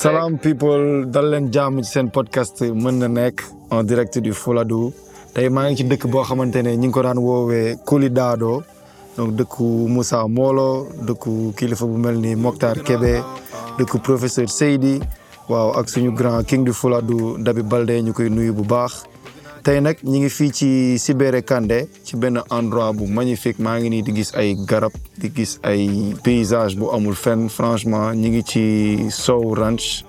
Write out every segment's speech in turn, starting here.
salaam people dal leen jàmm ci seen podcast mën na nekk en direct du Fuladu tey maa ngi ci dëkk boo xamante ne ñi ngi ko daan woowee daado donc dëkku Moussa Molo dëkku kilifa bu mel ni Mokhtar kebe dëkku professeur Seydi waaw ak suñu grand king du Fuladu Dabi Balde ñu koy nuyu bu baax. tey nag ñi ngi fii ci Sibéré kande ci benn endroit bu magnifique maa ngi nii di gis ay garab di gis ay paysage bu amul fen franchement ñi ngi ci Sow Ranch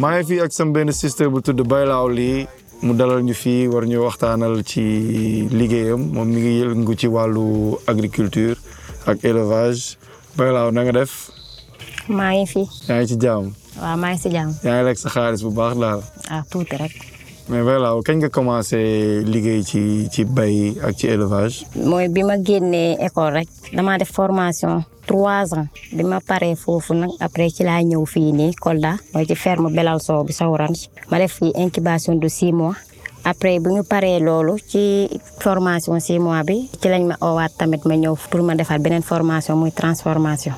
maa ngi fii ak sam benn sister bu tudd Baylaaw lii mu dalal ñu fii war ñu waxtaanal ci liggéeyam moom mi ngi yëngu ci wàllu agriculture ak élevage Baylaaw na def. maa ngi fi. yaa ci jàmm. waaw maa sa xaalis bu baax daal. ah tuuti rek. mais voilà kañ nga commencé liggéey ci ci bay ak ci élevage. mooy bi ma génnee école rek damaa def formation trois ans bi ma paree foofu nag après ci laa ñëw fii nii Kolda mooy ci ferme Belal Sow bi sa ma def fii incubation de six mois après bu ñu paree loolu ci formation six mois bi ci lañ ma oowaat tamit ma ñëw pour ma defaat beneen formation muy transformation.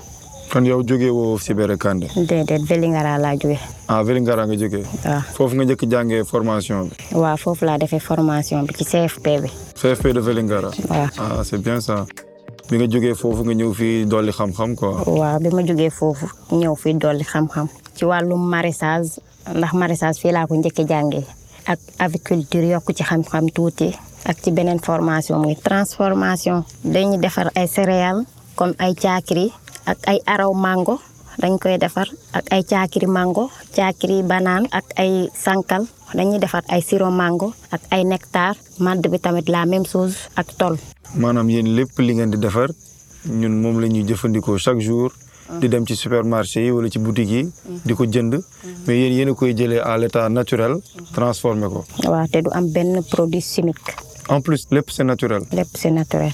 kon yow jóge woo si Bere Kande. déedéet Vélingara laa jógee. ah nga jógee. Ah. foofu nga njëkk jàngee formation bi. waaw foofu laa defee formation bi ci bi. CFP ah, nga jógee foofu nga ñëw fii dolli xam-xam ma jógee foofu ñëw fii dolli xam-xam. ci wàllum maraîchage ndax maraîchage fii laa ko njëkk jàngee. ak aviculture yokk ci xam-xam tuuti. ak ci beneen formation muy transformation. dañuy defar ay céréales comme ay caakiri. ak ay araw mango dañ koy defar ak ay caakiri mango caakiri banaan ak ay sankal dañuy defar ay sirop mango ak ay nectar màdd bi tamit la même chose ak tol maanaam yéen lépp li ngeen di defar ñun moom la ñuy jëfandikoo chaque jour di dem ci supermarché yi wala ci boutique yi. di ko jënd. mais yéen yéen koy jëlee à l' état naturel. transformé ko. waaw te du am benn produit chimique. en plus lépp c' est naturel. lépp c' naturel.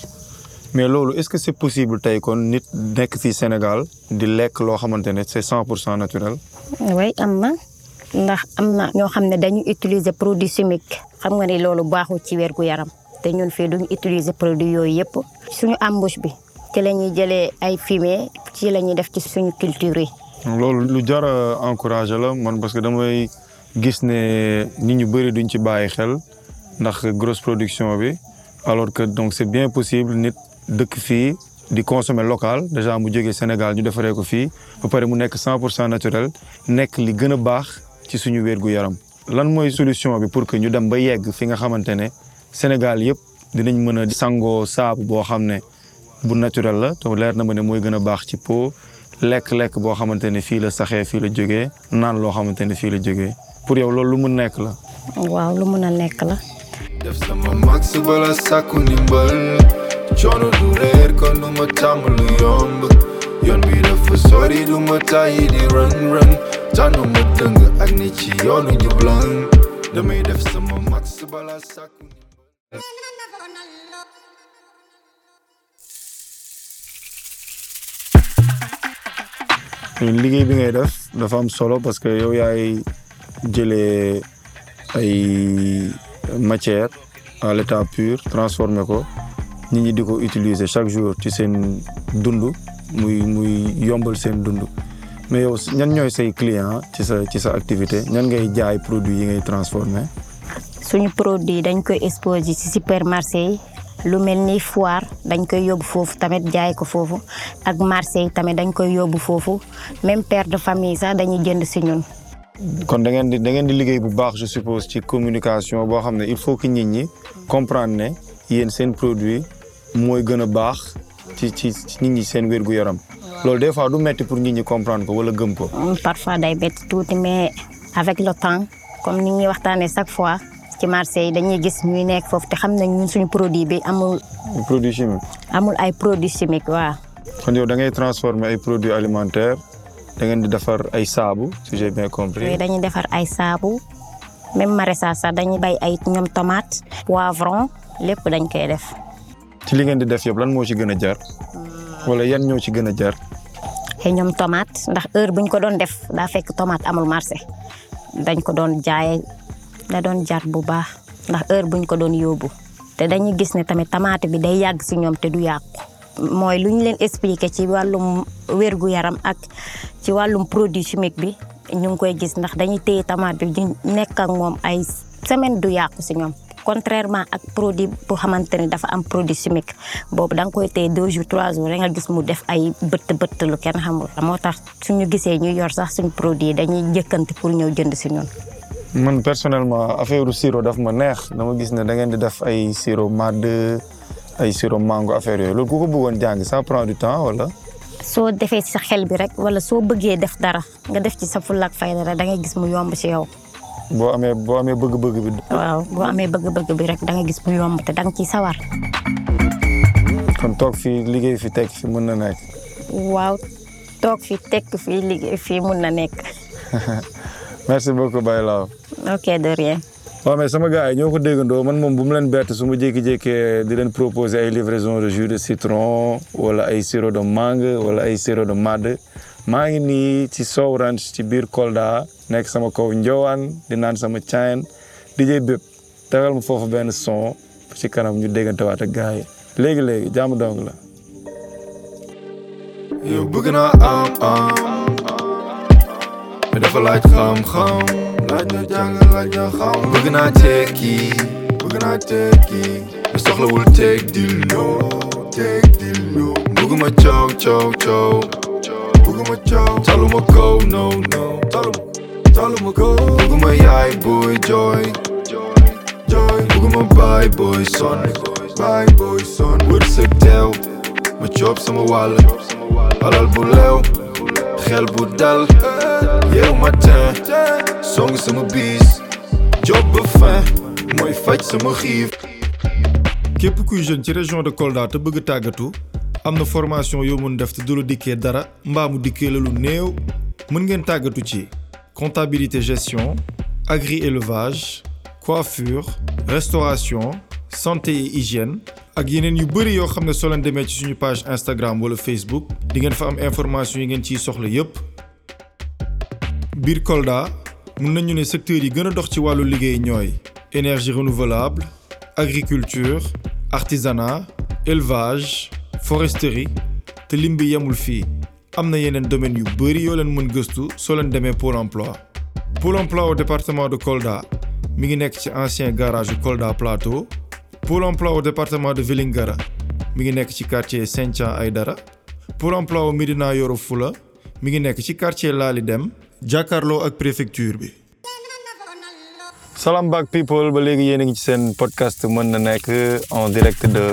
mais loolu est-ce que c'est possible tey kon nit nekk fii Sénégal di lekk loo xamante ne c'est cent pour cent naturel. oui am na ndax am na ñoo xam ne dañuy utiliser produit chimique xam nga ni loolu baaxul ci wér gu yaram te ñun fii duñu utiliser produit yooyu yëpp. suñu embouche bi ci la ñuy jëlee ay fumier ci la ñuy def ci suñu culture yi. loolu lu jar a encourager la man parce que damay gis ne nit ñu bëri duñ ci bàyyi xel ndax grosse production bi alors que donc c'est bien possible nit. dëkk fii di consommer local déjà mu jógee Sénégal ñu defaree ko fii ba pare mu nekk 100 pour cent naturel nekk li gën a baax ci suñu wérgu yaram. lan mooy solution bi pour que ñu dem ba yegg fi nga xamante ne Sénégal yëpp dinañ mën a sangoo saabu boo xam ne bu naturel la te leer na ma ne mooy gën a baax ci peau lekk-lekk boo xamante ne fii la saxee fii la jógee naan loo xamante ne fii la jógee pour yow loolu lu mu nekk la. waaw lu mun a nekk la. coonu du réer kon du ma yomb yoon bi dafa sori du tàyyi di rën rën tànnu ma ak ni ci yoonu jublan damay def sama max bala sàkku liggéey bi ngay def dafa am solo parce que yow yaay jëlee ay matière à l'état pur transformé ko nit ñi di ko utiliser chaque jour ci seen dund muy muy yombal seen dund mais yow ñan ñooy say client ci sa ci sa activité ñan ngay jaay produit yi ngay transformer suñu produit dañ koy exposer ci supermarché yi lu mel ni foire dañ koy yóbbu foofu tamit jaay ko foofu ak marché yi tamit dañ koy yóbbu foofu même père de famille sax dañuy jënd si ñun. kon da ngeen di da ngeen di liggéey bu baax je suppose ci communication boo xam ne il faut que nit ñi comprendre ne yéen seen produit mooy gën a baax ci ci nit ñi seen wér gu yaram. loolu des fois du metti pour nit ñi comprendre ko wala gëm ko. Hmm, parfois day bett tuuti mais avec le temps comme ni ñuy waxtaanee chaque fois ci marché yi dañuy gis ñuy nekk foofu te xam nañ ñun suñu produit bi amul. produit chimique. amul ay produits chimiques waaw. kon yow da ngay transformer ay produits alimentaires da ngeen di defar ay saabu si j'ai bien compris. dañuy defar ay saabu même maraîchage sax dañu bay ay ñoom tomate poivron lépp dañ koy def. ci li ngeen di def yëpp lan moo ci gën a jaar. wala yan ñoo ci gën a jaar. ñoom tomate ndax heure bu ñu ko doon def daa fekk tomate amul marché dañ ko doon jaaye da doon jar bu baax ndax heure buñ ko doon yóbbu te dañuy gis ne tamit tomate bi day yàgg si ñoom te du yàqu. mooy lu ñu leen expliquer ci wàllum wérgu yaram ak ci wàllum produit chimique bi ñu ngi koy gis ndax dañuy téye tomate bi di nekk ak moom ay semaine du yàqu si ñoom. contrairement ak produit bu xamante ne dafa am produit chimique boobu danga koy téye deux jours trois jours rek nga gis mu def ay bëtt bëtt lu kenn xamul moo tax suñu gisee ñu yor sax suñu produit yi dañuy njëkkante pour ñëw jënd si ñun. man personnellement affaire sirop daf ma neex dama gis ne da ngeen di def ay siro màdd ay sirop mango affaire yooyu loolu ku ko buggoon jàng ça prend du temps wala. soo defee sa xel bi rek wala soo bëggee def dara nga def ci sa fulla ak fayda rek da ngay gis mu yomb ci yow. boo amee boo amee bëgg-bëgg bi. rek da gis bu yomb te da ci ciy sawar. kon toog fii liggéey fi tekki fi mun na nekk. waaw toog fi tekki fii liggéey fii mun na nekk. merci beaucoup Baye Law. ok de rien. waaw mais sama gaa yi ñoo ko déggandoo man moom bu mu leen bett su ma jékki-jékkee di leen proposer ay livraison de jus de citron wala ay sirop de mangue wala ay sirop de madde. maa ngi nii ci Sow Ranch ci biir Kolda nekk sama kaw njowaan di naan sama caayan DJ bépp tegal ma foofu benn son ci kanam ñu déggantewaat ak gars yi léegi léegi jàmm dong la. yow bëgg naa am am mais dafa laaj xam-xam laaj na jàng laaj na xam bëgg tekki bëgg tekki te soxlawul teg di loo teg di loo bëgguma coow coow taluma go yaay booy jooy jooy bugguma baay booy son baay booy son wërsëg teew ma coob sama wàll alal bu leew xel bu dal yeew matin song sama biis job ba fin mooy faj sama xiif képp kuy jeune ci région de Kolda te bëgg tàggatu am na formation yoo mën def te du la dikkee dara mbaamu mu dikkee la néew mën ngeen tàggatu ci comptabilité gestion agri élevage coiffure restauration santé et hygiène ak yeneen yu bëri yoo xam ne soo leen demee ci suñu page Instagram wala Facebook di ngeen fa am information yi ngeen ciy soxla yépp biir Kolda mun nañu ne secteurs yi gën a dox ci wàllu liggéey ñooy énergie renouvelable agriculture artisanat élevage foresterie te lim bi yemul fii am na yeneen domaines yu bëri yoo leen mën gëstu soo leen demee pôle emploi pôle emploi au département de Kolda mi ngi nekk ci ancien garage Kolda Plateau pôle emploi au département de Vélingara mi ngi nekk ci quartier Saint-Thian Aïdara pôle emploi au Médina Yoro Fula mi ngi nekk ci quartier Laali Dem jàkkaarloo ak préfecture bi. salaam back people ba léegi yéen a ngi ci seen podcast mën na nekk en direct de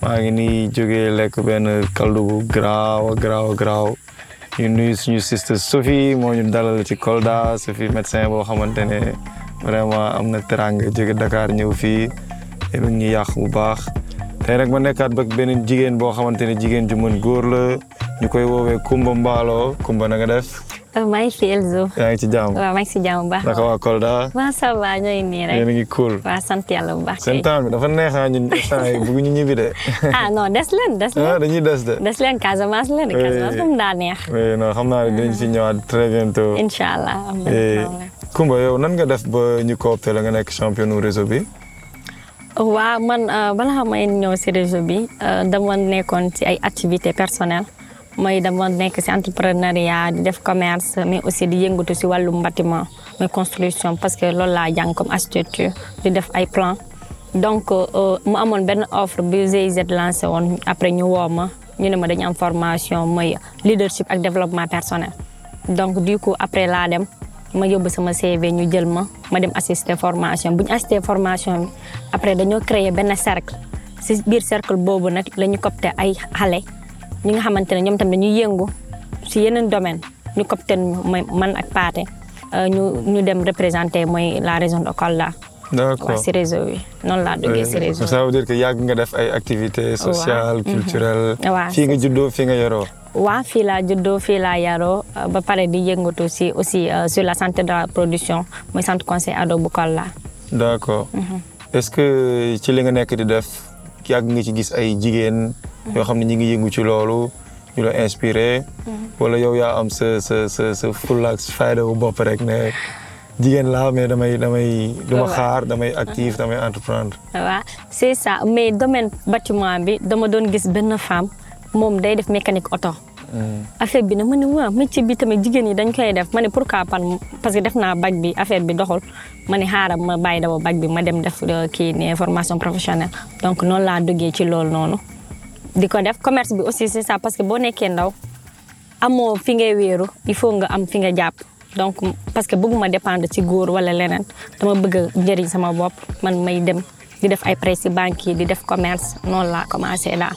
maa ngi nii jóge lekk benn kaldu bu garaaw garaaw garaaw ñu nuyu suñu sister Sophie moo ñu dalal ci Kolda Sophie médecin boo xamante ne vraiment am na teranga jóge Dakar ñëw fii mu ñu yàq bu baax tey rek ma nekkaat ba benn jigéen boo xamante ne jigéen ju mën góor la ñu koy woowee Kumba Mbaalo Kumba na nga def. maa ngi fi Elzo. yaa ngi ci jàmm waaw maa ngi si waa Kolda. ñooy nii rek. yéen a um- um ngi cool. waaw sant yàlla bu baax. seen temps bi dafa a ñun temps ñu ñibbi de. ah non des leen des leen. ah des de. des leen Casamance leen Casamance moom daa neex. oui si ñëwaat très bientôt. incha allah yow nan nga def ba ñu coopté la nga nekk champion réseau bi. waaw man ah, balaa may ñëw si réseau bi ah, dama nekkoon ci ay activité personnelles. mooy dama nekk si entrepreneuriat di def commerce mais aussi di yëngatu si wàllum bâtiment mooy construction parce que loolu laa jàng comme architecture di def ay plan donc euh, mu amoon benn offre bi GIZ lancé woon après ñu woo ma ñu ne ma dañu am formation mooy leadership ak développement personnel donc du coup après laa dem ma yóbbu sama CV ñu jël ma ma dem assister formation bu ñu assister formation bi après dañoo créer benn cercle si biir cercle boobu nag la ñu copte ay xale ñi nga xamante ne ñoom tamit dañuy yëngu si yeneen domaine ñu copten man ak Pathé euh, ñu dem représenter mooy la région de Kolda. d'accord si réseau bi noonu laa duggee si euh, réseau ça veut dire que yàgg nga def ay activités sociales mhm. culturelles. waaw fii nga juddoo fii nga yoroo. waa fii laa juddoo fii laa yaroo euh, ba pare di yëngatu si aussi sur la santé de la production mooy centre conseil ado bu Kolda. d'accord mhm. est-ce que ci li nga nekk di def yàgg nga ci gis ay jigéen. yoo xam ne ñu ngi yëngu ci loolu ñu la inspiré mm-hmm. wala yow yaa am sa sa sa sa fulla ak fayda bu bopp rek ne jigéen laa mais damay damay duma xaar damay actif mm-hmm. damay entreprendre mais domaine bi dama doon gis benn femme moom day def mécanique oto mm. affaire bi na ma ne waaw métier bi tamit jigéen ñi dañ koy def ma ne pourquoi pan parce que def naa bac bi affaire bi doxul ma ne xaaral ma bàyyi daba bac bi ma dem def kii ni formation professionnelle donc noonu laa duggee ci loolu noonu di ko def commerce bi aussi c'est ça parce que boo nekkee ndaw amoo fi ngay weeru il faut nga am fi nga jàpp donc parce que bëgguma dépendre ci góor wala leneen dama bëgg a njëriñ sama bopp man may dem di def ay prêts ci banque yi di def commerce noonu laa commencé daal.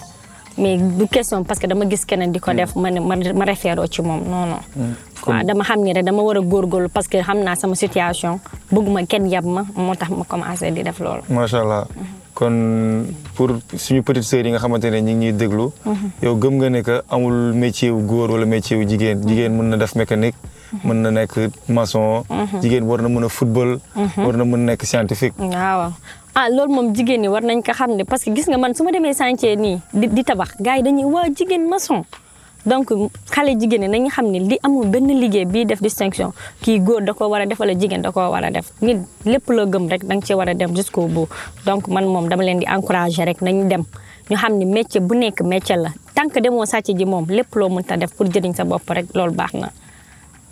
mais du question parce que dama gis keneen di ko mm. def ma ne ma référoo ci moom non non. waaw mm. dama xam ni rek dama war a góorgóorlu parce que xam naa sama situation bëgguma kenn yab ma moo tax ma commencé di def loolu. macha allah mm-hmm. kon pour suñu petite sœur yi nga xamante ne ñu ñuy déglu. Mm-hmm. yow gëm nga ne que amul métier wu góor wala métier wu jigéen mm-hmm. jigéen mën na def mécanique. mën na nekk maçon. Mhm. jigéen war na mën a football. Mhm. war na mën a nekk scientifique. waaw ah moom jigéen ñi war nañ ko xam ne parce que gis nga man su ma demee chantier nii di di tabax gars yi dañuy waa jigéen maçon. donc xale jigéen ñi nañu xam ne li amul benn liggéey bii def distinction kii góor da koo war a def wala jigéen da koo war a def nit lépp loo gëm rek da nga cee war a dem jusqu'au bo donc man moom dama leen di encourager rek nañu dem ñu xam ni métier bu nekk métier la tant que demoo sàcc ji moom lépp loo mën def pour jëriñ sa bopp rek loolu baax na.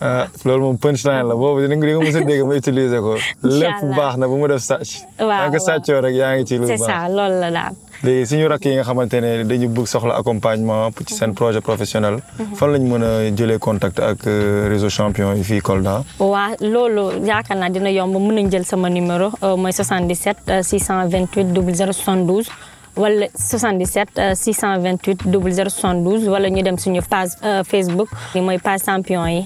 Ah, loolu moom punchline la boobu di nga di nga mos a dégg ma utiliser ko. lépp baax na bu mu def sàcc. waaw waaw tant que rek yaa ngi ci lu baax loolu daal. suñu rakk yi nga xamante ne dañu bëgg soxla accompagnement ci seen mhm. projet professionnel. Mhm. fan lañ mën a jëlee contact ak euh, réseau champion yi fii Kolda. waaw loolu yaakaar naa dina yomb mën nañ jël sama numéro euh, mooy 77 628 00 72. wala 77 628 00 72 wala ñu dem suñu page euh, Facebook. mooy page champion yi.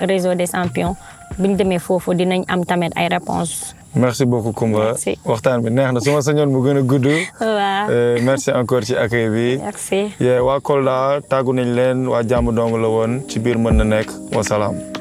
réseau des champions bu ñu demee foofu dinañ am tamit ay réponses. merci beaucoup Coumba waxtaan bi neex na su ma sañoon mu gën a gudd. waaw euh, merci encore ci accueil bi. merci. waa Kolda tàggu nañ leen waa jàmm dong la woon ci biir mën na nekk wa